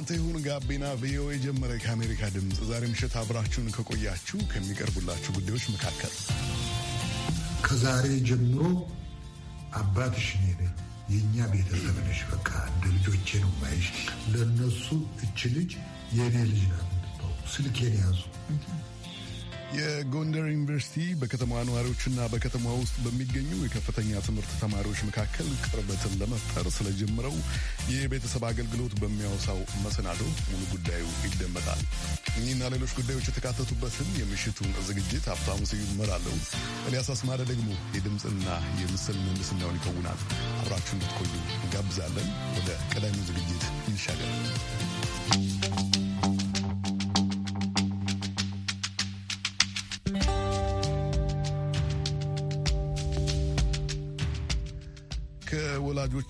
ለእናንተ ይሁን ጋቢና ቪኦኤ ጀመረ። ከአሜሪካ ድምፅ ዛሬ ምሽት አብራችሁን ከቆያችሁ ከሚቀርቡላችሁ ጉዳዮች መካከል ከዛሬ ጀምሮ አባትሽ እኔ ነኝ፣ የእኛ ቤተሰብ ነሽ፣ በቃ እንደ ልጆቼ ነው ማይሽ። ለእነሱ እች ልጅ የእኔ ልጅ ናት። ስልኬን ያዙ የጎንደር ዩኒቨርሲቲ በከተማ ነዋሪዎችና በከተማ ውስጥ በሚገኙ የከፍተኛ ትምህርት ተማሪዎች መካከል ቅርበትን ለመፍጠር ስለጀምረው የቤተሰብ አገልግሎት በሚያወሳው መሰናዶ ሙሉ ጉዳዩ ይደመጣል። እኚህና ሌሎች ጉዳዮች የተካተቱበትን የምሽቱን ዝግጅት ሀብታሙ ስዩም እመራለሁ። ኤልያስ አስማረ ደግሞ የድምፅና የምስል ምህንድስናውን ይከውናል። አብራችሁ እንድትቆዩ እንጋብዛለን። ወደ ቀዳሚው ዝግጅት ይሻገራል።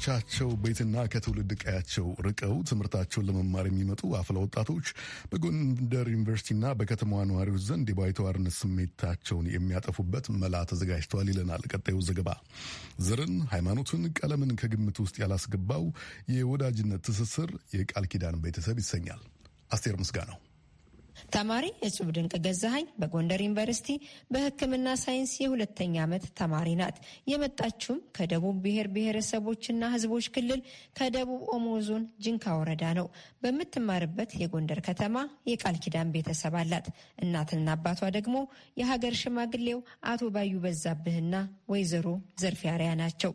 ከልጆቻቸው ቤትና ከትውልድ ቀያቸው ርቀው ትምህርታቸውን ለመማር የሚመጡ አፍላ ወጣቶች በጎንደር ዩኒቨርሲቲና በከተማዋ ነዋሪዎች ዘንድ የባይተዋርነት ስሜታቸውን የሚያጠፉበት መላ ተዘጋጅተዋል ይለናል ቀጣዩ ዘገባ። ዘርን፣ ሃይማኖትን፣ ቀለምን ከግምት ውስጥ ያላስገባው የወዳጅነት ትስስር የቃል ኪዳን ቤተሰብ ይሰኛል። አስቴር ነው። ተማሪ እጹብ ድንቅ ገዛሀኝ በጎንደር ዩኒቨርሲቲ በሕክምና ሳይንስ የሁለተኛ ዓመት ተማሪ ናት። የመጣችውም ከደቡብ ብሔር ብሔረሰቦችና ሕዝቦች ክልል ከደቡብ ኦሞ ዞን ጅንካ ወረዳ ነው። በምትማርበት የጎንደር ከተማ የቃል ኪዳን ቤተሰብ አላት። እናትና አባቷ ደግሞ የሀገር ሽማግሌው አቶ ባዩ በዛብህና ወይዘሮ ዘርፊያሪያ ናቸው።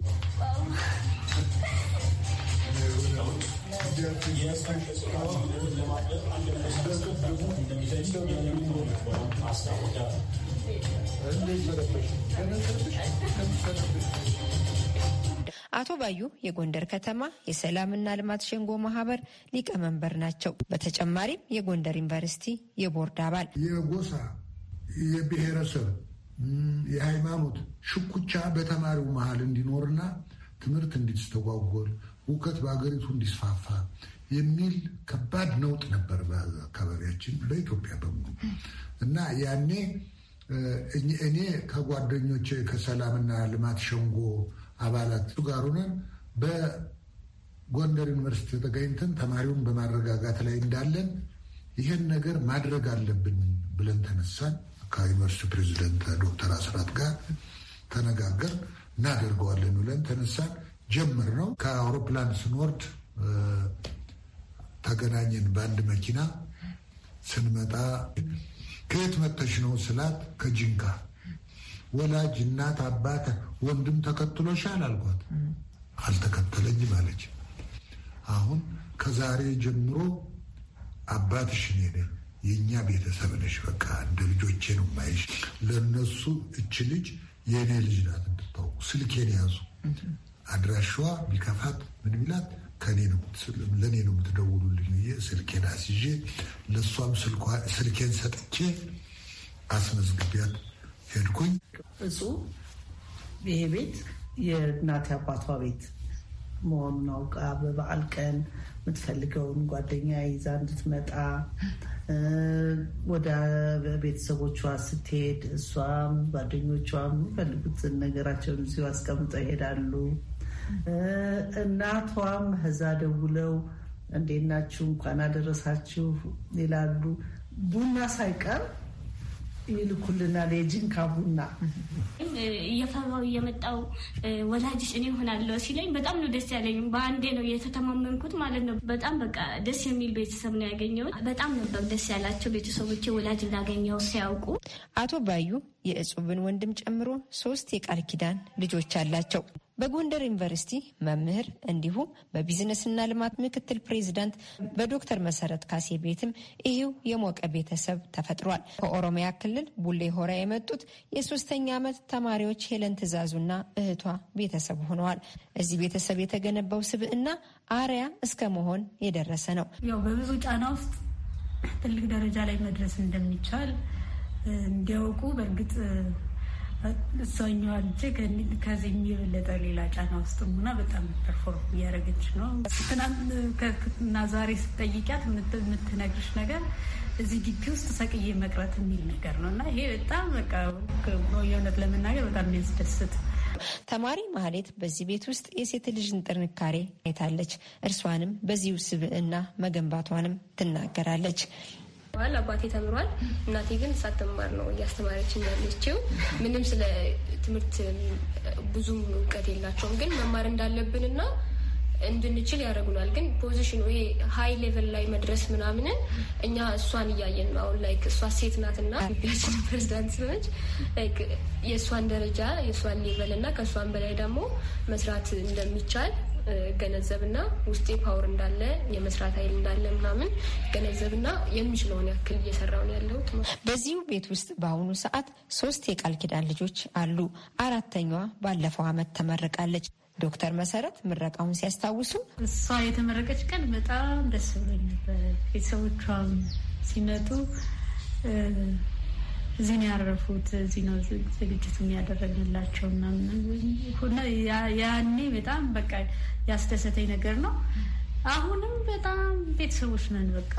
አቶ ባዩ የጎንደር ከተማ የሰላምና ልማት ሸንጎ ማህበር ሊቀመንበር ናቸው። በተጨማሪም የጎንደር ዩኒቨርሲቲ የቦርድ አባል። የጎሳ የብሔረሰብ፣ የሃይማኖት ሽኩቻ በተማሪው መሀል እንዲኖርና ትምህርት እንዲስተጓጎል፣ እውቀት በአገሪቱ እንዲስፋፋ የሚል ከባድ ነውጥ ነበር በአካባቢያችን በኢትዮጵያ በሙሉ እና ያኔ እኔ ከጓደኞች ከሰላምና ልማት ሸንጎ አባላት ጋር ሆነን በጎንደር ዩኒቨርሲቲ ተገኝተን ተማሪውን በማረጋጋት ላይ እንዳለን ይህን ነገር ማድረግ አለብን ብለን ተነሳን። ከዩኒቨርሲቲ ፕሬዚደንት ዶክተር አስራት ጋር ተነጋገር እናደርገዋለን ብለን ተነሳን። ጀምር ነው ከአውሮፕላን ስንወርድ ተገናኘን በአንድ መኪና ስንመጣ ከየት መተሽ ነው ስላት ከጅንካ ወላጅ እናት አባት ወንድም ተከትሎሻል አልኳት አልተከተለኝ ማለች አሁን ከዛሬ ጀምሮ አባትሽ እኔ ነኝ የእኛ ቤተሰብ ነሽ በቃ እንደ ልጆቼ ነው ማይሽ ለእነሱ እች ልጅ የእኔ ልጅ ናት እንድታውቁ ስልኬን ያዙ አድራሻዋ ቢከፋት ምን ቢላት ለእኔ ነው የምትደውሉልኝ ብዬ ስልኬን አስይዤ ለእሷም ስልኬን ሰጥቼ አስመዝግቢያት ሄድኩኝ። እጹ ይሄ ቤት የእናቴ አባቷ ቤት መሆኑን አውቃ በበዓል ቀን የምትፈልገውን ጓደኛ ይዛ እንድትመጣ ወደ ቤተሰቦቿ ስትሄድ እሷም ጓደኞቿም የሚፈልጉትን ነገራቸውን እዚሁ አስቀምጠው ይሄዳሉ። እናቷም ህዛ ደውለው እንዴት ናችሁ እንኳን አደረሳችሁ ይላሉ። ቡና ሳይቀር ይልኩልናል። የጂንካ ቡና እየፈራው እየመጣው ወላጅሽ እኔ ሆናለሁ ሲለኝ በጣም ነው ደስ ያለኝ። በአንዴ ነው የተተማመንኩት ማለት ነው። በጣም በቃ ደስ የሚል ቤተሰብ ነው ያገኘሁት። በጣም ነበር ደስ ያላቸው ቤተሰቦቼ ወላጅ እንዳገኘው ሲያውቁ። አቶ ባዩ የእጹብን ወንድም ጨምሮ ሶስት የቃል ኪዳን ልጆች አላቸው። በጎንደር ዩኒቨርሲቲ መምህር እንዲሁም በቢዝነስና ልማት ምክትል ፕሬዚዳንት በዶክተር መሰረት ካሴ ቤትም ይህው የሞቀ ቤተሰብ ተፈጥሯል። ከኦሮሚያ ክልል ቡሌ ሆራ የመጡት የሶስተኛ ዓመት ተማሪዎች ሄለን ትዕዛዙና እህቷ ቤተሰብ ሆነዋል። እዚህ ቤተሰብ የተገነባው ስብዕና አርያ እስከ መሆን የደረሰ ነው። ያው በብዙ ጫና ውስጥ ትልቅ ደረጃ ላይ መድረስ እንደሚቻል እንዲያውቁ በእርግጥ እሷኛዋ ልጄ ከዚህ የሚበለጠ ሌላ ጫና ውስጥ ሆና በጣም ፐርፎርም እያደረገች ነው። ትናንትና ዛሬ ስጠይቂያት የምትነግርሽ ነገር እዚህ ግቢ ውስጥ ሰቅዬ መቅረት የሚል ነገር ነው እና ይሄ በጣም በቃ የእውነት ለመናገር በጣም የሚያስደስት ተማሪ ማህሌት በዚህ ቤት ውስጥ የሴት ልጅን ጥንካሬ አይታለች። እርሷንም በዚህ ስብዕና መገንባቷንም ትናገራለች። ተምሯል። አባቴ ተምሯል። እናቴ ግን ሳትማር ነው እያስተማረችን ያለችው። ምንም ስለ ትምህርት ብዙም እውቀት የላቸውም፣ ግን መማር እንዳለብንና እንድንችል ያደርጉናል። ግን ፖዚሽኑ ይሄ ሀይ ሌቨል ላይ መድረስ ምናምንን እኛ እሷን እያየን ነው አሁን ላይ እሷ ሴት ናትና ቢያችን ፕሬዚዳንት ስለች የእሷን ደረጃ የእሷን ሌቨል እና ከእሷን በላይ ደግሞ መስራት እንደሚቻል ገነዘብና ውስጤ ፓወር እንዳለ የመስራት ኃይል እንዳለ ምናምን ገነዘብና የሚችለውን ያክል እየሰራውን ያለሁት። በዚሁ ቤት ውስጥ በአሁኑ ሰዓት ሶስት የቃል ኪዳን ልጆች አሉ። አራተኛዋ ባለፈው አመት ተመርቃለች። ዶክተር መሰረት ምረቃውን ሲያስታውሱ እሷ የተመረቀች ቀን በጣም ደስ ብሎኝ ነበር። ቤተሰቦቿም ሲመጡ እዚህ ነው ያረፉት። እዚህ ነው ዝግጅቱ ያደረግንላቸው ያኔ በጣም በቃ ያስደሰተኝ ነገር ነው። አሁንም በጣም ቤተሰቦች ነን። በቃ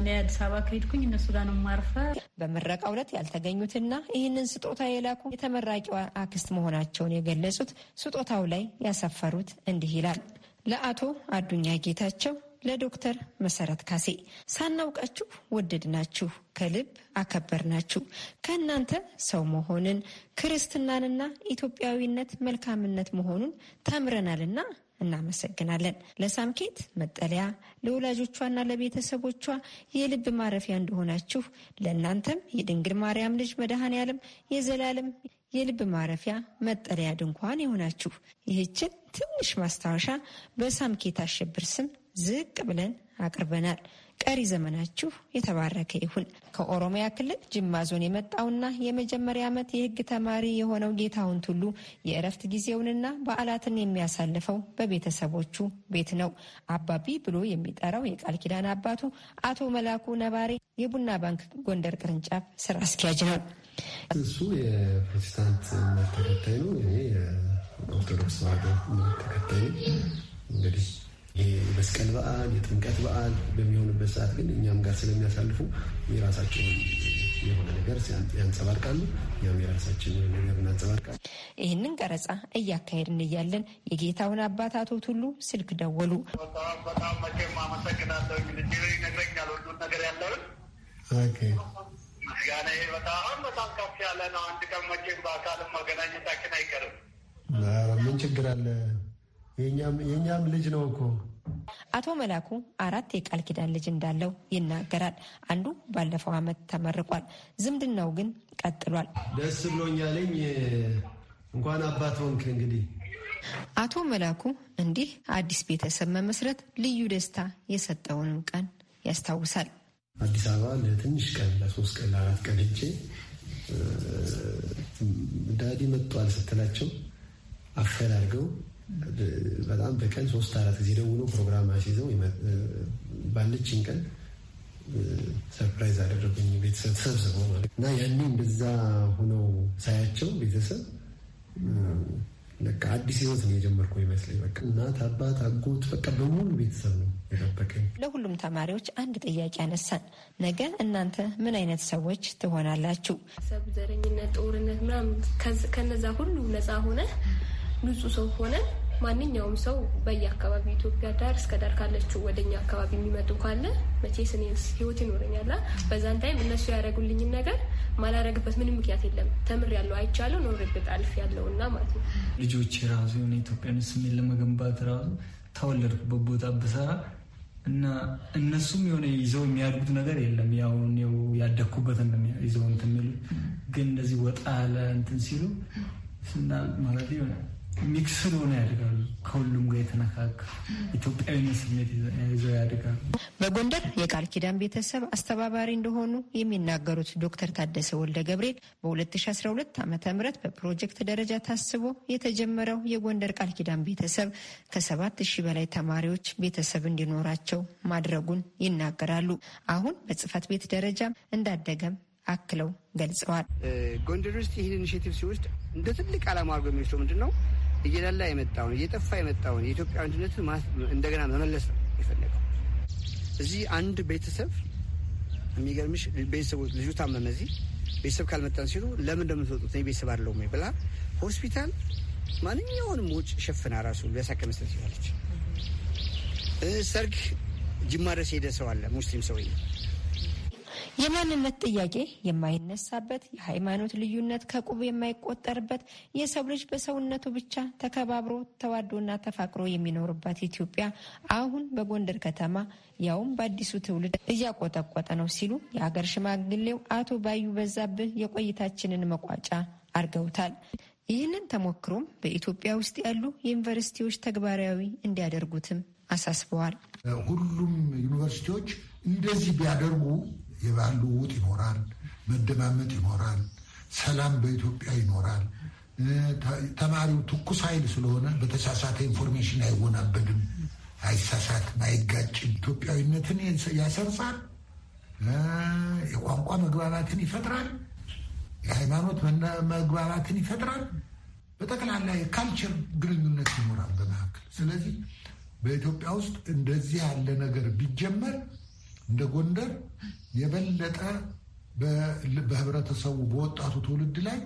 እኔ አዲስ አበባ ከሄድኩኝ እነሱ ጋር ነው ማርፈ። በምረቃ ዕለት ያልተገኙትና ይህንን ስጦታ የላኩ የተመራቂዋ አክስት መሆናቸውን የገለጹት ስጦታው ላይ ያሰፈሩት እንዲህ ይላል። ለአቶ አዱኛ ጌታቸው ለዶክተር መሰረት ካሴ ሳናውቃችሁ ወደድናችሁ፣ ከልብ አከበርናችሁ። ከእናንተ ሰው መሆንን ክርስትናንና ኢትዮጵያዊነት መልካምነት መሆኑን ተምረናልና እናመሰግናለን። ለሳምኬት መጠለያ ለወላጆቿና ለቤተሰቦቿ የልብ ማረፊያ እንደሆናችሁ ለእናንተም የድንግል ማርያም ልጅ መድሃን ያለም የዘላለም የልብ ማረፊያ መጠለያ ድንኳን የሆናችሁ ይህችን ትንሽ ማስታወሻ በሳምኬት አሸብር ስም ዝቅ ብለን አቅርበናል። ቀሪ ዘመናችሁ የተባረከ ይሁን። ከኦሮሚያ ክልል ጅማ ዞን የመጣውና የመጀመሪያ ዓመት የሕግ ተማሪ የሆነው ጌታሁን ቱሉ የእረፍት ጊዜውንና በዓላትን የሚያሳልፈው በቤተሰቦቹ ቤት ነው። አባቢ ብሎ የሚጠራው የቃል ኪዳን አባቱ አቶ መላኩ ነባሬ የቡና ባንክ ጎንደር ቅርንጫፍ ስራ አስኪያጅ ነው። እሱ የፕሮቴስታንት ተከታይ ነው። እኔ የኦርቶዶክስ ተከታይ እንግዲህ የመስቀል በዓል የጥምቀት በዓል በሚሆንበት ሰዓት ግን እኛም ጋር ስለሚያሳልፉ የራሳቸውን የሆነ ነገር ያንጸባርቃሉ። ያም የራሳችን ነገር እናንጸባርቃል። ይህንን ቀረጻ እያካሄድን እያለን የጌታውን አባት አቶ ቱሉ ስልክ ደወሉ። በጣም መቼም አመሰግናለሁ። ይነግረኛል ሁሉን ነገር ያለውን ምስጋና በጣም በጣም ከፍ ያለ ነው። አንድ ቀን መቼም በአካልም መገናኘታችን አይቀርም። ምን ችግር አለ? የእኛም ልጅ ነው እኮ። አቶ መላኩ አራት የቃል ኪዳን ልጅ እንዳለው ይናገራል። አንዱ ባለፈው ዓመት ተመርቋል። ዝምድናው ግን ቀጥሏል። ደስ ብሎኛለኝ። እንኳን አባት ሆንክ እንግዲህ አቶ መላኩ እንዲህ አዲስ ቤተሰብ መመስረት ልዩ ደስታ የሰጠውንም ቀን ያስታውሳል። አዲስ አበባ ለትንሽ ቀን ለሶስት ቀን ለአራት ቀን ሄጄ ዳዲ መጥቷል ስትላቸው አፈላልገው በጣም በቀን ሶስት አራት ጊዜ ደውሎ ፕሮግራም አስይዘው ባለችን ቀን ሰርፕራይዝ አደረጉኝ። ቤተሰብ ተሰብስበው ማለት እና ያኔ እንደዛ ሆነው ሳያቸው ቤተሰብ በቃ አዲስ ህይወት ነው የጀመርኩ ይመስለኝ። በቃ እናት፣ አባት፣ አጎት በቃ በሙሉ ቤተሰብ ነው የጠበቀኝ። ለሁሉም ተማሪዎች አንድ ጥያቄ አነሳን። ነገ እናንተ ምን አይነት ሰዎች ትሆናላችሁ? ሰብ ዘረኝነት፣ ጦርነት ምናምን ከነዛ ሁሉ ነፃ ሆነ ንጹህ ሰው ሆነን ማንኛውም ሰው በየአካባቢው ኢትዮጵያ ዳር እስከ ዳር ካለችው ወደኛ አካባቢ የሚመጡ ካለ መቼ እኔ ህይወት ይኖረኛላ። በዛን ታይም እነሱ ያደረጉልኝን ነገር ማላረግበት ምንም ምክንያት የለም። ተምር ያለው አይቻለሁ ኖርበት አልፍ ያለው እና ማለት ነው ልጆች የራሱ የሆነ ኢትዮጵያን ስሜት ለመገንባት ራሱ ተወለድኩበት ቦታ ብሰራ እና እነሱም የሆነ ይዘው የሚያድጉት ነገር የለም። ያው እኔው ያደግኩበት ይዘው እንትን የሚሉት ግን እንደዚህ ወጣ ያለ እንትን ሲሉ ስና ማለት ይሆናል ሚክስድ ያድጋሉ። ከሁሉም ጋር የተነካካ ኢትዮጵያዊነት ስሜት ይዘው ያድጋሉ። በጎንደር የቃል ኪዳን ቤተሰብ አስተባባሪ እንደሆኑ የሚናገሩት ዶክተር ታደሰ ወልደ ገብርኤል በ2012 ዓ ም በፕሮጀክት ደረጃ ታስቦ የተጀመረው የጎንደር ቃል ኪዳን ቤተሰብ ከሰባት ሺህ በላይ ተማሪዎች ቤተሰብ እንዲኖራቸው ማድረጉን ይናገራሉ። አሁን በጽህፈት ቤት ደረጃም እንዳደገም አክለው ገልጸዋል። ጎንደር ውስጥ ይህን ኢኒሽቲቭ ሲወስድ እንደ ትልቅ ዓላማ አድርጎ የሚወስደው ምንድን ነው? እየላላ የመጣውን እየጠፋ የመጣውን የኢትዮጵያ አንድነትን እንደገና መመለስ ነው የፈለገው። እዚህ አንድ ቤተሰብ የሚገርምሽ ቤተሰቦች ልጁ ታመመ። እዚህ ቤተሰብ ካልመጣን ሲሉ ለምን እንደምትወጡት ቤተሰብ አለው ወይ ብላ ሆስፒታል ማንኛውንም ውጭ ሸፍና ራሱ ሊያሳከ መስጠት ይችላለች። ሰርግ ጅማ ድረስ ሄደ ሰው አለ ሙስሊም ሰው የማንነት ጥያቄ የማይነሳበት፣ የሃይማኖት ልዩነት ከቁብ የማይቆጠርበት፣ የሰው ልጅ በሰውነቱ ብቻ ተከባብሮ ተዋዶና ተፋቅሮ የሚኖርባት ኢትዮጵያ አሁን በጎንደር ከተማ ያውም በአዲሱ ትውልድ እያቆጠቆጠ ነው ሲሉ የአገር ሽማግሌው አቶ ባዩ በዛብህ የቆይታችንን መቋጫ አድርገውታል። ይህንን ተሞክሮም በኢትዮጵያ ውስጥ ያሉ ዩኒቨርሲቲዎች ተግባራዊ እንዲያደርጉትም አሳስበዋል። ሁሉም ዩኒቨርሲቲዎች እንደዚህ ቢያደርጉ የባህል ልውውጥ ይኖራል፣ መደማመጥ ይኖራል፣ ሰላም በኢትዮጵያ ይኖራል። ተማሪው ትኩስ ኃይል ስለሆነ በተሳሳተ ኢንፎርሜሽን አይወናበድም፣ አይሳሳትም፣ አይጋጭም። ኢትዮጵያዊነትን ያሰርጻል፣ የቋንቋ መግባባትን ይፈጥራል፣ የሃይማኖት መግባባትን ይፈጥራል። በጠቅላላ የካልቸር ግንኙነት ይኖራል በመካከል። ስለዚህ በኢትዮጵያ ውስጥ እንደዚህ ያለ ነገር ቢጀመር እንደ ጎንደር የበለጠ በህብረተሰቡ በወጣቱ ትውልድ ላይ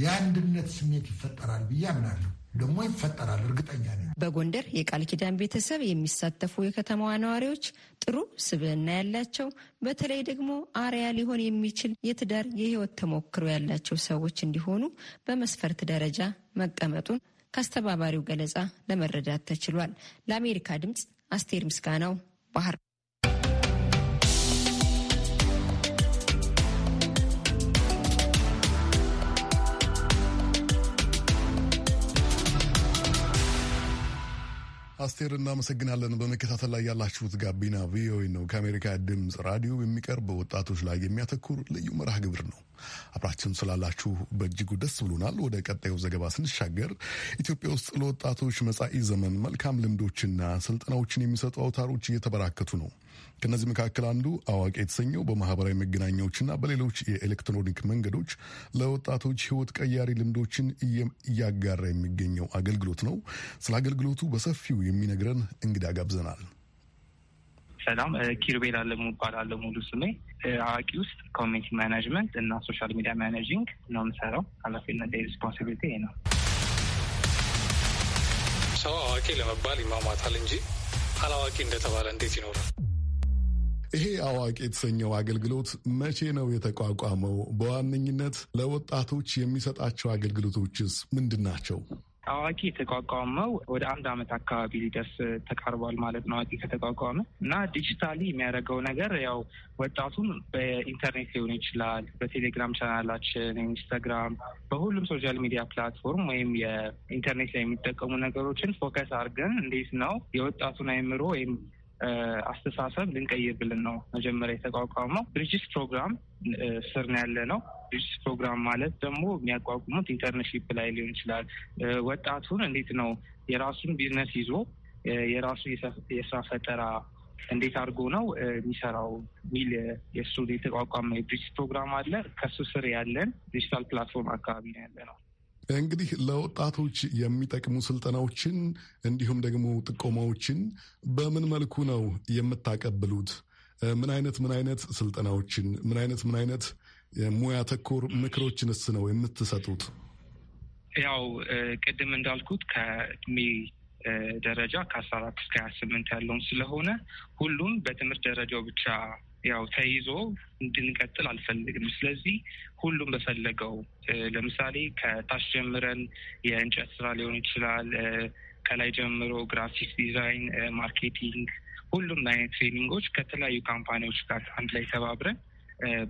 የአንድነት ስሜት ይፈጠራል ብዬ አምናለሁ። ደግሞ ይፈጠራል፣ እርግጠኛ ነኝ። በጎንደር የቃል ኪዳን ቤተሰብ የሚሳተፉ የከተማዋ ነዋሪዎች ጥሩ ስብዕና ያላቸው በተለይ ደግሞ አርያ ሊሆን የሚችል የትዳር የህይወት ተሞክሮ ያላቸው ሰዎች እንዲሆኑ በመስፈርት ደረጃ መቀመጡን ከአስተባባሪው ገለጻ ለመረዳት ተችሏል። ለአሜሪካ ድምፅ አስቴር ምስጋናው ባህር አስቴር እናመሰግናለን። በመከታተል ላይ ያላችሁት ጋቢና ቪኦኤ ነው፣ ከአሜሪካ ድምፅ ራዲዮ የሚቀርብ በወጣቶች ላይ የሚያተኩር ልዩ መርሃ ግብር ነው። አብራችሁን ስላላችሁ በእጅጉ ደስ ብሎናል። ወደ ቀጣዩ ዘገባ ስንሻገር ኢትዮጵያ ውስጥ ለወጣቶች መጻኢ ዘመን መልካም ልምዶችና ስልጠናዎችን የሚሰጡ አውታሮች እየተበራከቱ ነው። ከእነዚህ መካከል አንዱ አዋቂ የተሰኘው በማህበራዊ መገናኛዎችና በሌሎች የኤሌክትሮኒክ መንገዶች ለወጣቶች ህይወት ቀያሪ ልምዶችን እያጋራ የሚገኘው አገልግሎት ነው። ስለ አገልግሎቱ በሰፊው የሚነግረን እንግዳ ጋብዘናል። ሰላም፣ ኪሩቤል አለሙ እባላለሁ። ሙሉ ስሜ አዋቂ ውስጥ ኮሚኒቲ ማናጅመንት እና ሶሻል ሚዲያ ማናጂንግ ነው የምሰራው። ኃላፊነት ሪስፖንሲቢሊቲ ይሄ ነው። ሰው አዋቂ ለመባል ይማማታል እንጂ አላዋቂ እንደተባለ እንዴት ይኖራል? ይሄ አዋቂ የተሰኘው አገልግሎት መቼ ነው የተቋቋመው? በዋነኝነት ለወጣቶች የሚሰጣቸው አገልግሎቶችስ ምንድን ናቸው? አዋቂ የተቋቋመው ወደ አንድ አመት አካባቢ ሊደርስ ተቃርቧል ማለት ነው። አዋቂ ከተቋቋመ እና ዲጂታሊ የሚያደርገው ነገር ያው ወጣቱም በኢንተርኔት ሊሆን ይችላል፣ በቴሌግራም ቻናላችን፣ ኢንስታግራም፣ በሁሉም ሶሻል ሚዲያ ፕላትፎርም ወይም የኢንተርኔት ላይ የሚጠቀሙ ነገሮችን ፎከስ አድርገን እንዴት ነው የወጣቱን አይምሮ ወይም አስተሳሰብ ልንቀይር ብልን ነው መጀመሪያ የተቋቋመው። ብሪጅስ ፕሮግራም ስር ነው ያለ ነው። ብሪጅስ ፕሮግራም ማለት ደግሞ የሚያቋቁሙት ኢንተርንሺፕ ላይ ሊሆን ይችላል። ወጣቱን እንዴት ነው የራሱን ቢዝነስ ይዞ የራሱ የስራ ፈጠራ እንዴት አድርጎ ነው የሚሰራው ሚል የእሱ የተቋቋመ የብሪጅስ ፕሮግራም አለ። ከሱ ስር ያለን ዲጂታል ፕላትፎርም አካባቢ ነው ያለ ነው። እንግዲህ ለወጣቶች የሚጠቅሙ ስልጠናዎችን እንዲሁም ደግሞ ጥቆማዎችን በምን መልኩ ነው የምታቀብሉት? ምን አይነት ምን አይነት ስልጠናዎችን ምን አይነት ምን አይነት ሙያ ተኮር ምክሮችንስ ነው የምትሰጡት? ያው ቅድም እንዳልኩት ከእድሜ ደረጃ ከአስራ አራት እስከ ሀያ ስምንት ያለውን ስለሆነ ሁሉም በትምህርት ደረጃው ብቻ ያው ተይዞ እንድንቀጥል አልፈልግም። ስለዚህ ሁሉም በፈለገው ለምሳሌ ከታች ጀምረን የእንጨት ስራ ሊሆን ይችላል፣ ከላይ ጀምሮ ግራፊክስ ዲዛይን፣ ማርኬቲንግ፣ ሁሉም አይነት ትሬኒንጎች ከተለያዩ ካምፓኒዎች ጋር አንድ ላይ ተባብረን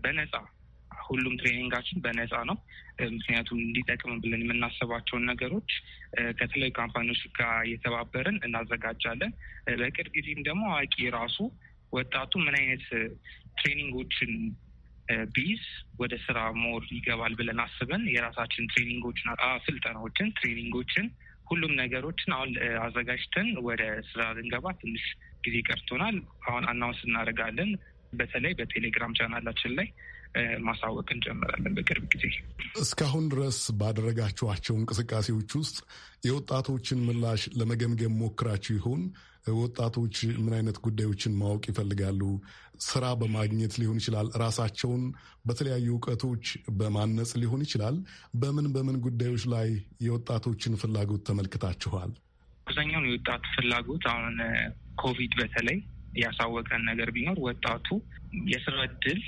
በነፃ ሁሉም ትሬኒንጋችን በነፃ ነው። ምክንያቱም እንዲጠቅም ብለን የምናስባቸውን ነገሮች ከተለያዩ ካምፓኒዎች ጋር እየተባበርን እናዘጋጃለን። በቅርብ ጊዜም ደግሞ አዋቂ ራሱ ወጣቱ ምን አይነት ትሬኒንጎችን ቢዝ ወደ ስራ ሞር ይገባል ብለን አስበን የራሳችን ትሬኒንጎችን፣ ስልጠናዎችን፣ ትሬኒንጎችን ሁሉም ነገሮችን አሁን አዘጋጅተን ወደ ስራ ልንገባ ትንሽ ጊዜ ቀርቶናል። አሁን አናውንስ እናደርጋለን። በተለይ በቴሌግራም ቻናላችን ላይ ማሳወቅ እንጀምራለን በቅርብ ጊዜ። እስካሁን ድረስ ባደረጋችኋቸው እንቅስቃሴዎች ውስጥ የወጣቶችን ምላሽ ለመገምገም ሞክራችሁ ይሆን? ወጣቶች ምን አይነት ጉዳዮችን ማወቅ ይፈልጋሉ? ስራ በማግኘት ሊሆን ይችላል፣ ራሳቸውን በተለያዩ እውቀቶች በማነጽ ሊሆን ይችላል። በምን በምን ጉዳዮች ላይ የወጣቶችን ፍላጎት ተመልክታችኋል? አብዛኛውን የወጣት ፍላጎት አሁን ኮቪድ በተለይ ያሳወቀን ነገር ቢኖር ወጣቱ የስራ እድል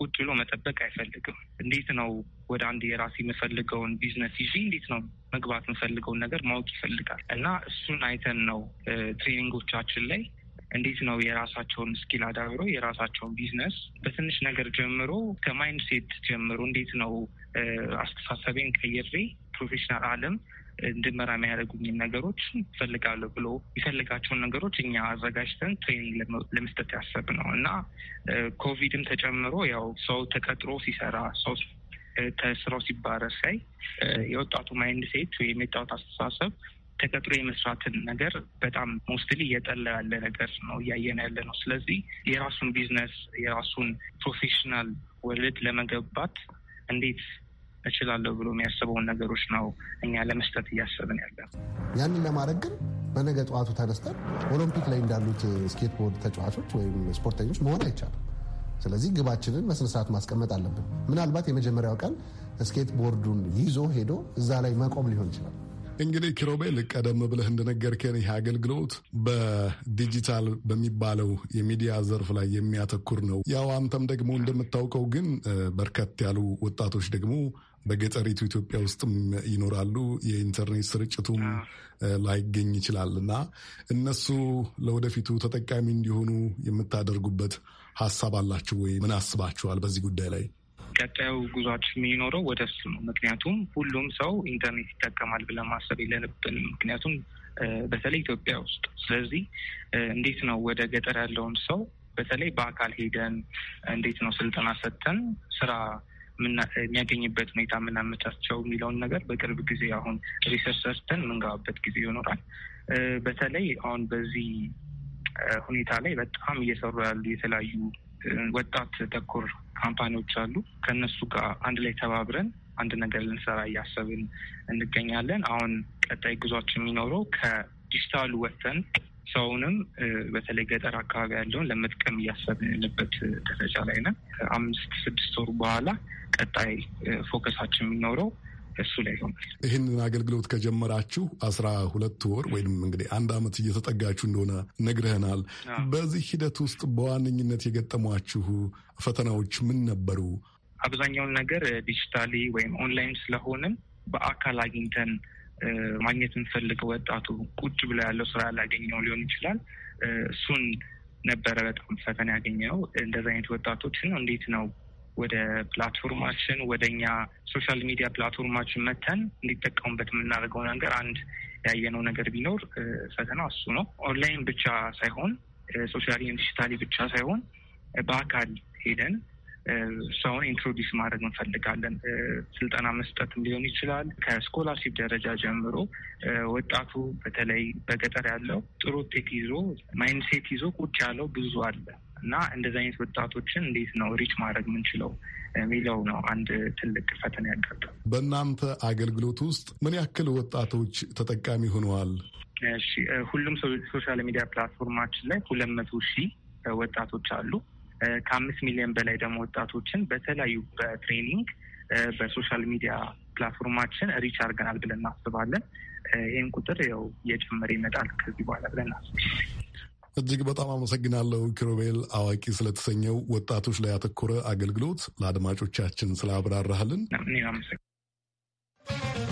ቁጭ ብሎ መጠበቅ አይፈልግም። እንዴት ነው ወደ አንድ የራሴ የምፈልገውን ቢዝነስ ይዤ እንዴት ነው መግባት የምፈልገውን ነገር ማወቅ ይፈልጋል እና እሱን አይተን ነው ትሬኒንጎቻችን ላይ እንዴት ነው የራሳቸውን ስኪል አዳብረው የራሳቸውን ቢዝነስ በትንሽ ነገር ጀምሮ ከማይንድሴት ጀምሮ እንዴት ነው አስተሳሰቤን ቀይሬ ፕሮፌሽናል አለም። እንድመራ የሚያደርጉኝን ነገሮች ይፈልጋሉ ብሎ የሚፈልጋቸውን ነገሮች እኛ አዘጋጅተን ትሬኒንግ ለመስጠት ያሰብ ነው እና ኮቪድም ተጨምሮ ያው ሰው ተቀጥሮ ሲሰራ ሰው ከስራው ሲባረር ሳይ የወጣቱ ማይንድ ሴት ወይም የወጣቱ አስተሳሰብ ተቀጥሮ የመስራትን ነገር በጣም ሞስትሊ እየጠላ ያለ ነገር ነው እያየን ያለ ነው። ስለዚህ የራሱን ቢዝነስ የራሱን ፕሮፌሽናል ወልድ ለመገባት እንዴት እችላለሁ ብሎ የሚያስበውን ነገሮች ነው እኛ ለመስጠት እያሰብን ያለ። ያንን ለማድረግ ግን በነገ ጠዋቱ ተነስተን ኦሎምፒክ ላይ እንዳሉት ስኬትቦርድ ተጫዋቾች ወይም ስፖርተኞች መሆን አይቻልም። ስለዚህ ግባችንን በስነስርዓት ማስቀመጥ አለብን። ምናልባት የመጀመሪያው ቀን ስኬትቦርዱን ይዞ ሄዶ እዛ ላይ መቆም ሊሆን ይችላል። እንግዲህ ኪሮቤል ቀደም ብለህ እንደነገርከን ይህ አገልግሎት በዲጂታል በሚባለው የሚዲያ ዘርፍ ላይ የሚያተኩር ነው። ያው አንተም ደግሞ እንደምታውቀው ግን በርከት ያሉ ወጣቶች ደግሞ በገጠሪቱ ኢትዮጵያ ውስጥም ይኖራሉ። የኢንተርኔት ስርጭቱም ላይገኝ ይችላል እና እነሱ ለወደፊቱ ተጠቃሚ እንዲሆኑ የምታደርጉበት ሀሳብ አላችሁ ወይ? ምን አስባችኋል በዚህ ጉዳይ ላይ? ቀጣዩ ጉዟችን የሚኖረው ወደ እሱ ነው። ምክንያቱም ሁሉም ሰው ኢንተርኔት ይጠቀማል ብለን ማሰብ የለብንም። ምክንያቱም በተለይ ኢትዮጵያ ውስጥ። ስለዚህ እንዴት ነው ወደ ገጠር ያለውን ሰው በተለይ በአካል ሄደን እንዴት ነው ስልጠና ሰጥተን ስራ የሚያገኝበት ሁኔታ የምናመቻቸው የሚለውን ነገር በቅርብ ጊዜ አሁን ሪሰርች ሰርተን የምንገባበት ጊዜ ይኖራል። በተለይ አሁን በዚህ ሁኔታ ላይ በጣም እየሰሩ ያሉ የተለያዩ ወጣት ተኮር ካምፓኒዎች አሉ። ከእነሱ ጋር አንድ ላይ ተባብረን አንድ ነገር ልንሰራ እያሰብን እንገኛለን። አሁን ቀጣይ ጉዟችን የሚኖረው ከዲጂታሉ ወጥተን ሰውንም በተለይ ገጠር አካባቢ ያለውን ለመጥቀም እያሰብንበት ደረጃ ላይ ነን። ከአምስት ስድስት ወሩ በኋላ ቀጣይ ፎከሳችን የምናውረው እሱ ላይ ይሆናል። ይህንን አገልግሎት ከጀመራችሁ አስራ ሁለት ወር ወይም እንግዲህ አንድ አመት እየተጠጋችሁ እንደሆነ ነግረህናል። በዚህ ሂደት ውስጥ በዋነኝነት የገጠሟችሁ ፈተናዎች ምን ነበሩ? አብዛኛውን ነገር ዲጂታሊ ወይም ኦንላይን ስለሆንን በአካል አግኝተን ማግኘት የምንፈልገው ወጣቱ ቁጭ ብሎ ያለው ስራ ያላገኘው ሊሆን ይችላል። እሱን ነበረ በጣም ፈተና ያገኘው። እንደዚህ አይነት ነው እንዴት ነው ወደ ፕላትፎርማችን ወደ እኛ ሶሻል ሚዲያ ፕላትፎርማችን መተን እንዲጠቀሙበት የምናደርገው ነገር አንድ ያየነው ነገር ቢኖር ፈተናው እሱ ነው። ኦንላይን ብቻ ሳይሆን ሶሻሊ ዲጂታሊ ብቻ ሳይሆን በአካል ሄደን ሰውን ኢንትሮዲስ ማድረግ እንፈልጋለን። ስልጠና መስጠትም ሊሆን ይችላል። ከስኮላርሺፕ ደረጃ ጀምሮ ወጣቱ በተለይ በገጠር ያለው ጥሩ ቴክ ይዞ ማይንድሴት ይዞ ቁጭ ያለው ብዙ አለ እና እንደዚህ አይነት ወጣቶችን እንዴት ነው ሪች ማድረግ የምንችለው የሚለው ነው አንድ ትልቅ ፈተና ያጋጥማል። በእናንተ አገልግሎት ውስጥ ምን ያክል ወጣቶች ተጠቃሚ ሆነዋል? ሁሉም ሶሻል ሚዲያ ፕላትፎርማችን ላይ ሁለት መቶ ሺህ ወጣቶች አሉ። ከአምስት ሚሊዮን በላይ ደግሞ ወጣቶችን በተለያዩ በትሬኒንግ በሶሻል ሚዲያ ፕላትፎርማችን ሪች አድርገናል ብለን እናስባለን። ይህን ቁጥር ያው እየጨመረ ይመጣል ከዚህ በኋላ ብለን እናስባለን። እጅግ በጣም አመሰግናለሁ ኪሮቤል፣ አዋቂ ስለተሰኘው ወጣቶች ላይ ያተኮረ አገልግሎት ለአድማጮቻችን ስላብራራህልን። እኔ አመሰግናለሁ።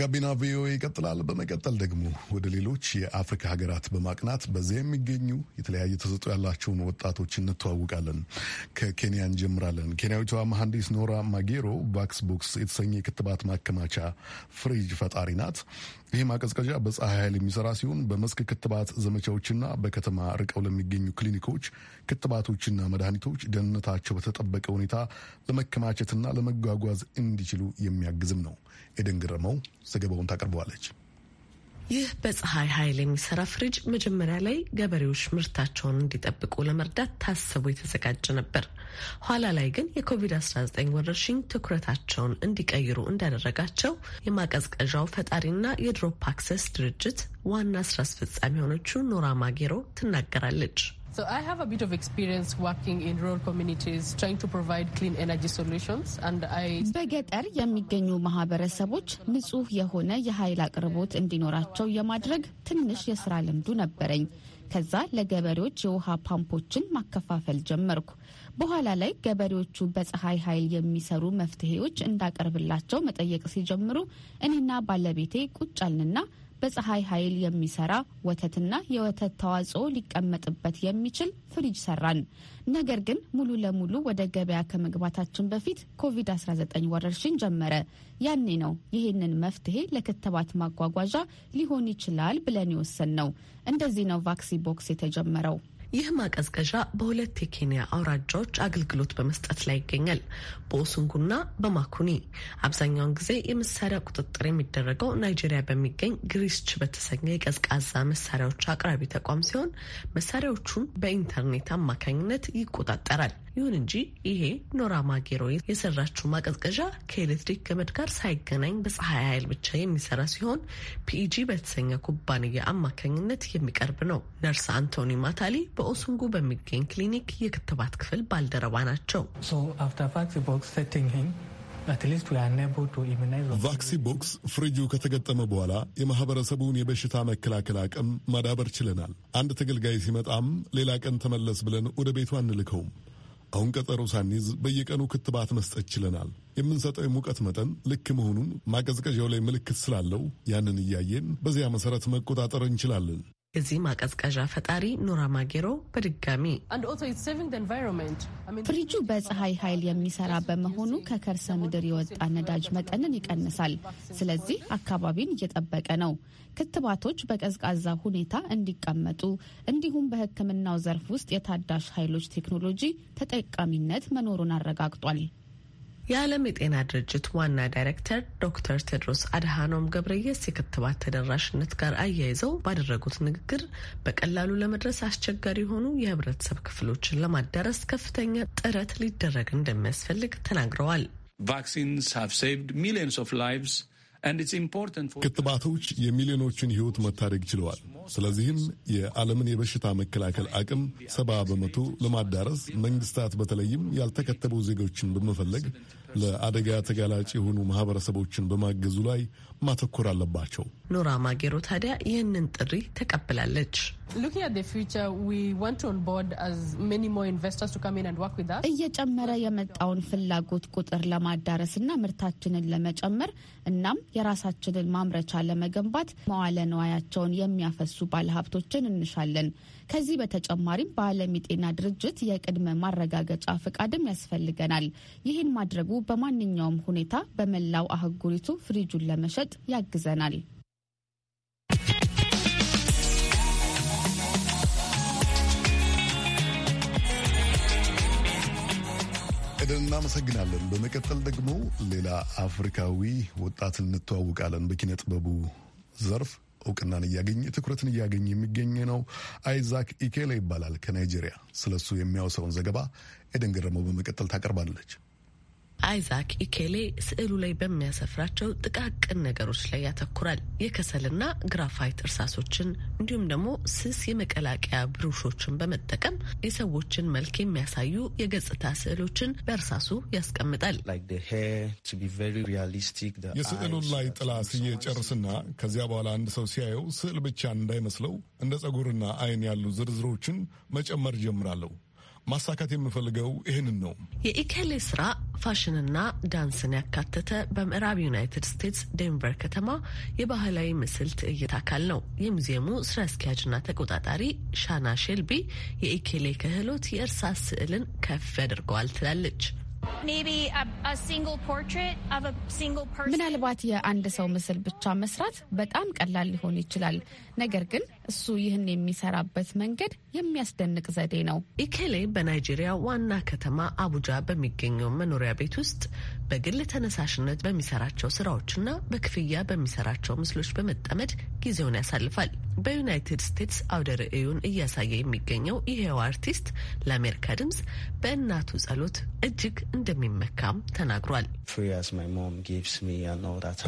ጋቢና ቪኦኤ ይቀጥላል። በመቀጠል ደግሞ ወደ ሌሎች የአፍሪካ ሀገራት በማቅናት በዚያ የሚገኙ የተለያየ ተሰጥኦ ያላቸውን ወጣቶች እንተዋውቃለን። ከኬንያ እንጀምራለን። ኬንያዊቷ መሐንዲስ ኖራ ማጌሮ ቫክስ ቦክስ የተሰኘ የክትባት ማከማቻ ፍሪጅ ፈጣሪ ናት። ይህ ማቀዝቀዣ በፀሐይ ኃይል የሚሰራ ሲሆን በመስክ ክትባት ዘመቻዎችና በከተማ ርቀው ለሚገኙ ክሊኒኮች ክትባቶችና መድኃኒቶች ደህንነታቸው በተጠበቀ ሁኔታ ለመከማቸትና ለመጓጓዝ እንዲችሉ የሚያግዝም ነው። ኤደን ግረመው ዘገባውን ታቀርበዋለች። ይህ በፀሐይ ኃይል የሚሰራ ፍሪጅ መጀመሪያ ላይ ገበሬዎች ምርታቸውን እንዲጠብቁ ለመርዳት ታስቦ የተዘጋጀ ነበር። ኋላ ላይ ግን የኮቪድ-19 ወረርሽኝ ትኩረታቸውን እንዲቀይሩ እንዳደረጋቸው የማቀዝቀዣው ፈጣሪና የድሮፕ አክሰስ ድርጅት ዋና ስራ አስፈጻሚ የሆነችው ኖራ ማጌሮ ትናገራለች። So I have a bit of experience working in rural communities trying to provide clean energy solutions and I በገጠር የሚገኙ ማህበረሰቦች ንጹህ የሆነ የኃይል አቅርቦት እንዲኖራቸው የማድረግ ትንሽ የስራ ልምዱ ነበረኝ። ከዛ ለገበሬዎች የውሃ ፓምፖችን ማከፋፈል ጀመርኩ። በኋላ ላይ ገበሬዎቹ በፀሐይ ኃይል የሚሰሩ መፍትሄዎች እንዳቀርብላቸው መጠየቅ ሲጀምሩ እኔና ባለቤቴ ቁጫልንና በፀሐይ ኃይል የሚሰራ ወተትና የወተት ተዋጽኦ ሊቀመጥበት የሚችል ፍሪጅ ሰራን። ነገር ግን ሙሉ ለሙሉ ወደ ገበያ ከመግባታችን በፊት ኮቪድ-19 ወረርሽኝ ጀመረ። ያኔ ነው ይህንን መፍትሄ ለክትባት ማጓጓዣ ሊሆን ይችላል ብለን የወሰን ነው። እንደዚህ ነው ቫክሲ ቦክስ የተጀመረው። ይህ ማቀዝቀዣ በሁለት የኬንያ አውራጃዎች አገልግሎት በመስጠት ላይ ይገኛል፣ በኦሱንጉና በማኩኒ። አብዛኛውን ጊዜ የመሳሪያ ቁጥጥር የሚደረገው ናይጄሪያ በሚገኝ ግሪስች በተሰኘ የቀዝቃዛ መሳሪያዎች አቅራቢ ተቋም ሲሆን መሳሪያዎቹም በኢንተርኔት አማካኝነት ይቆጣጠራል። ይሁን እንጂ ይሄ ኖራ ማጌሮ የሰራችው ማቀዝቀዣ ከኤሌክትሪክ ገመድ ጋር ሳይገናኝ በፀሐይ ኃይል ብቻ የሚሰራ ሲሆን ፒኢጂ በተሰኘ ኩባንያ አማካኝነት የሚቀርብ ነው። ነርስ አንቶኒ ማታሊ በኦሱንጉ በሚገኝ ክሊኒክ የክትባት ክፍል ባልደረባ ናቸው። ቫክሲ ቦክስ ፍሪጁ ከተገጠመ በኋላ የማህበረሰቡን የበሽታ መከላከል አቅም ማዳበር ችለናል። አንድ ተገልጋይ ሲመጣም ሌላ ቀን ተመለስ ብለን ወደ ቤቱ አንልከውም። አሁን ቀጠሮ ሳንይዝ በየቀኑ ክትባት መስጠት ችለናል። የምንሰጠው የሙቀት መጠን ልክ መሆኑን ማቀዝቀዣው ላይ ምልክት ስላለው ያንን እያየን በዚያ መሰረት መቆጣጠር እንችላለን። እዚህ ማቀዝቀዣ ፈጣሪ ኑራ ማጌሮ በድጋሚ ፍሪጁ በፀሐይ ኃይል የሚሰራ በመሆኑ ከከርሰ ምድር የወጣ ነዳጅ መጠንን ይቀንሳል። ስለዚህ አካባቢን እየጠበቀ ነው። ክትባቶች በቀዝቃዛ ሁኔታ እንዲቀመጡ እንዲሁም በሕክምናው ዘርፍ ውስጥ የታዳሽ ኃይሎች ቴክኖሎጂ ተጠቃሚነት መኖሩን አረጋግጧል። የዓለም የጤና ድርጅት ዋና ዳይሬክተር ዶክተር ቴድሮስ አድሃኖም ገብረየስ የክትባት ተደራሽነት ጋር አያይዘው ባደረጉት ንግግር በቀላሉ ለመድረስ አስቸጋሪ የሆኑ የህብረተሰብ ክፍሎችን ለማዳረስ ከፍተኛ ጥረት ሊደረግ እንደሚያስፈልግ ተናግረዋል። ቫክሲንስ ሃቭ ሴቭድ ሚሊዮንስ ኦፍ ላይቭስ ክትባቶች የሚሊዮኖችን ህይወት መታደግ ችለዋል። ስለዚህም የዓለምን የበሽታ መከላከል አቅም ሰባ በመቶ ለማዳረስ መንግስታት በተለይም ያልተከተቡ ዜጎችን በመፈለግ ለአደጋ ተጋላጭ የሆኑ ማህበረሰቦችን በማገዙ ላይ ማተኮር አለባቸው። ኖራ ማጌሮ ታዲያ ይህንን ጥሪ ተቀብላለች። እየጨመረ የመጣውን ፍላጎት ቁጥር ለማዳረስና ምርታችንን ለመጨመር እናም የራሳችንን ማምረቻ ለመገንባት መዋለ ንዋያቸውን የሚያፈሱ የሚነሱ ባለሀብቶችን እንሻለን። ከዚህ በተጨማሪም በዓለም የጤና ድርጅት የቅድመ ማረጋገጫ ፈቃድም ያስፈልገናል። ይህን ማድረጉ በማንኛውም ሁኔታ በመላው አህጉሪቱ ፍሪጁን ለመሸጥ ያግዘናል። ኤደን እናመሰግናለን። በመቀጠል ደግሞ ሌላ አፍሪካዊ ወጣት እንተዋውቃለን በኪነ ጥበቡ ዘርፍ እውቅናን እያገኘ ትኩረትን እያገኘ የሚገኝ ነው። አይዛክ ኢኬላ ይባላል ከናይጄሪያ። ስለሱ የሚያወሰውን ዘገባ ኤደን ገረመው በመቀጠል ታቀርባለች። አይዛክ ኢኬሌ ስዕሉ ላይ በሚያሰፍራቸው ጥቃቅን ነገሮች ላይ ያተኩራል። የከሰልና ግራፋይት እርሳሶችን እንዲሁም ደግሞ ስስ የመቀላቀያ ብሩሾችን በመጠቀም የሰዎችን መልክ የሚያሳዩ የገጽታ ስዕሎችን በእርሳሱ ያስቀምጣል። የስዕሉን ላይ ጥላ ስዬ ጨርስና ከዚያ በኋላ አንድ ሰው ሲያየው ስዕል ብቻ እንዳይመስለው እንደ ጸጉርና አይን ያሉ ዝርዝሮችን መጨመር ጀምራለሁ። ማሳካት የምፈልገው ይህንን ነው። የኢኬሌ ስራ ፋሽንና ዳንስን ያካተተ በምዕራብ ዩናይትድ ስቴትስ ዴንቨር ከተማ የባህላዊ ምስል ትዕይንት አካል ነው። የሙዚየሙ ስራ አስኪያጅና ተቆጣጣሪ ሻና ሼልቢ የኢኬሌ ክህሎት የእርሳስ ስዕልን ከፍ ያደርገዋል ትላለች። ምናልባት የአንድ ሰው ምስል ብቻ መስራት በጣም ቀላል ሊሆን ይችላል። ነገር ግን እሱ ይህን የሚሰራበት መንገድ የሚያስደንቅ ዘዴ ነው። ኢኬሌ በናይጄሪያ ዋና ከተማ አቡጃ በሚገኘው መኖሪያ ቤት ውስጥ በግል ተነሳሽነት በሚሰራቸው ስራዎችና በክፍያ በሚሰራቸው ምስሎች በመጠመድ ጊዜውን ያሳልፋል። በዩናይትድ ስቴትስ አውደ ርዕዩን እያሳየ የሚገኘው ይሄው አርቲስት ለአሜሪካ ድምጽ በእናቱ ጸሎት እጅግ እንደሚመካም ተናግሯል።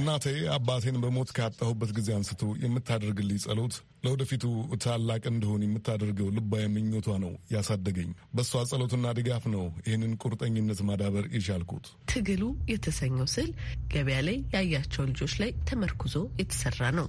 እናቴ አባቴን በሞት ካጣሁበት ጊዜ አንስቶ የምታደርግልኝ ጸሎት ለወደፊቱ ታላቅ እንደሆን የምታደርገው ልባዊ ምኞቷ ነው ያሳደገኝ። በእሷ ጸሎትና ድጋፍ ነው ይህንን ቁርጠኝነት ማዳበር የቻልኩት። ትግሉ የተሰኘው ስዕል ገበያ ላይ ያያቸው ልጆች ላይ ተመርኩዞ የተሰራ ነው።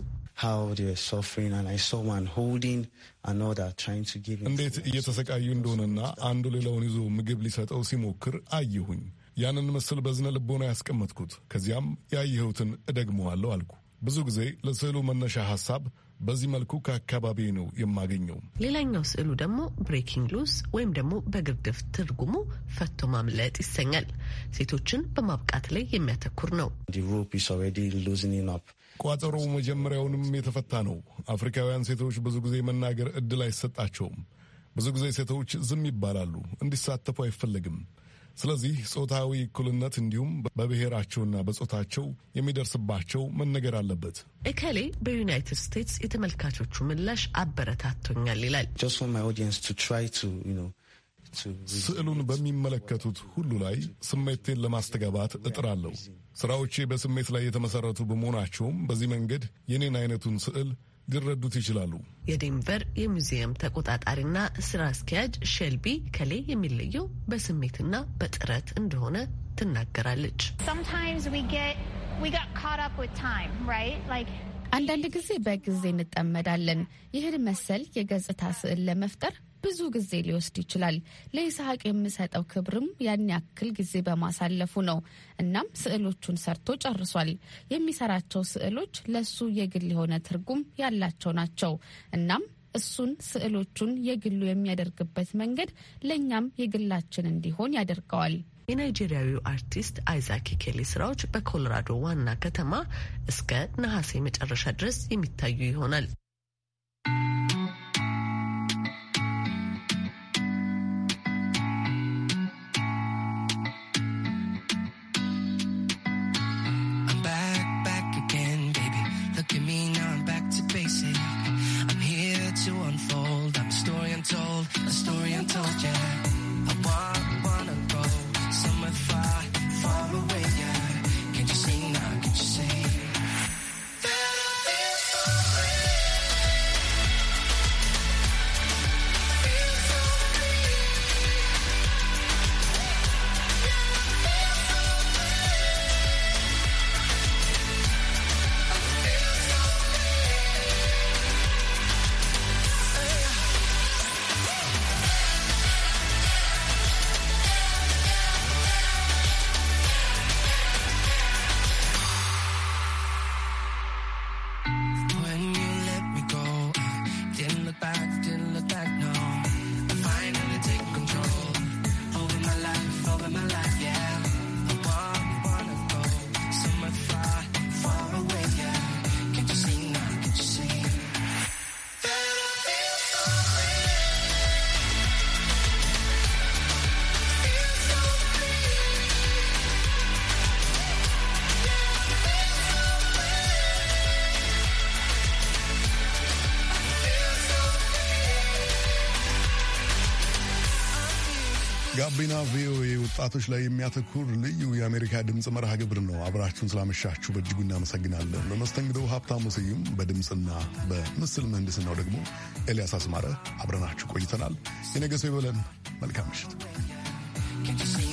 እንዴት እየተሰቃዩ እንደሆነና አንዱ ሌላውን ይዞ ምግብ ሊሰጠው ሲሞክር አየሁኝ። ያንን ምስል በዝነ ልቦና ያስቀመጥኩት፣ ከዚያም ያየሁትን እደግመዋለሁ አልኩ። ብዙ ጊዜ ለስዕሉ መነሻ ሀሳብ በዚህ መልኩ ከአካባቢ ነው የማገኘው። ሌላኛው ስዕሉ ደግሞ ብሬኪንግ ሉዝ ወይም ደግሞ በግርድፍ ትርጉሙ ፈቶ ማምለጥ ይሰኛል። ሴቶችን በማብቃት ላይ የሚያተኩር ነው። ቋጠሮ መጀመሪያውንም የተፈታ ነው። አፍሪካውያን ሴቶች ብዙ ጊዜ መናገር እድል አይሰጣቸውም። ብዙ ጊዜ ሴቶች ዝም ይባላሉ፣ እንዲሳተፉ አይፈለግም። ስለዚህ ጾታዊ እኩልነት እንዲሁም በብሔራቸውና በጾታቸው የሚደርስባቸው መነገር አለበት። እከሌ በዩናይትድ ስቴትስ የተመልካቾቹ ምላሽ አበረታቶኛል ይላል። ስዕሉን በሚመለከቱት ሁሉ ላይ ስሜቴን ለማስተጋባት እጥራለሁ። ስራዎቼ በስሜት ላይ የተመሰረቱ በመሆናቸውም በዚህ መንገድ የኔን አይነቱን ስዕል ሊረዱት ይችላሉ። የዴንቨር የሙዚየም ተቆጣጣሪና ስራ አስኪያጅ ሼልቢ ከሌ የሚለየው በስሜትና በጥረት እንደሆነ ትናገራለች። አንዳንድ ጊዜ በጊዜ እንጠመዳለን። ይህን መሰል የገጽታ ስዕል ለመፍጠር ብዙ ጊዜ ሊወስድ ይችላል። ለይስሐቅ የምሰጠው ክብርም ያን ያክል ጊዜ በማሳለፉ ነው። እናም ስዕሎቹን ሰርቶ ጨርሷል። የሚሰራቸው ስዕሎች ለሱ የግል የሆነ ትርጉም ያላቸው ናቸው። እናም እሱን ስዕሎቹን የግሉ የሚያደርግበት መንገድ ለእኛም የግላችን እንዲሆን ያደርገዋል። የናይጄሪያዊው አርቲስት አይዛክ ኬሌ ስራዎች በኮሎራዶ ዋና ከተማ እስከ ነሐሴ መጨረሻ ድረስ የሚታዩ ይሆናል። ጋቢና ቪኦኤ ወጣቶች ላይ የሚያተኩር ልዩ የአሜሪካ ድምፅ መርሃ ግብር ነው። አብራችሁን ስላመሻችሁ በእጅጉ እናመሰግናለን። በመስተንግዶው ሀብታሙ ስዩም፣ በድምፅና በምስል ምህንድስናው ደግሞ ኤልያስ አስማረ አብረናችሁ ቆይተናል። የነገ ሰው ይበለን። መልካም ምሽት።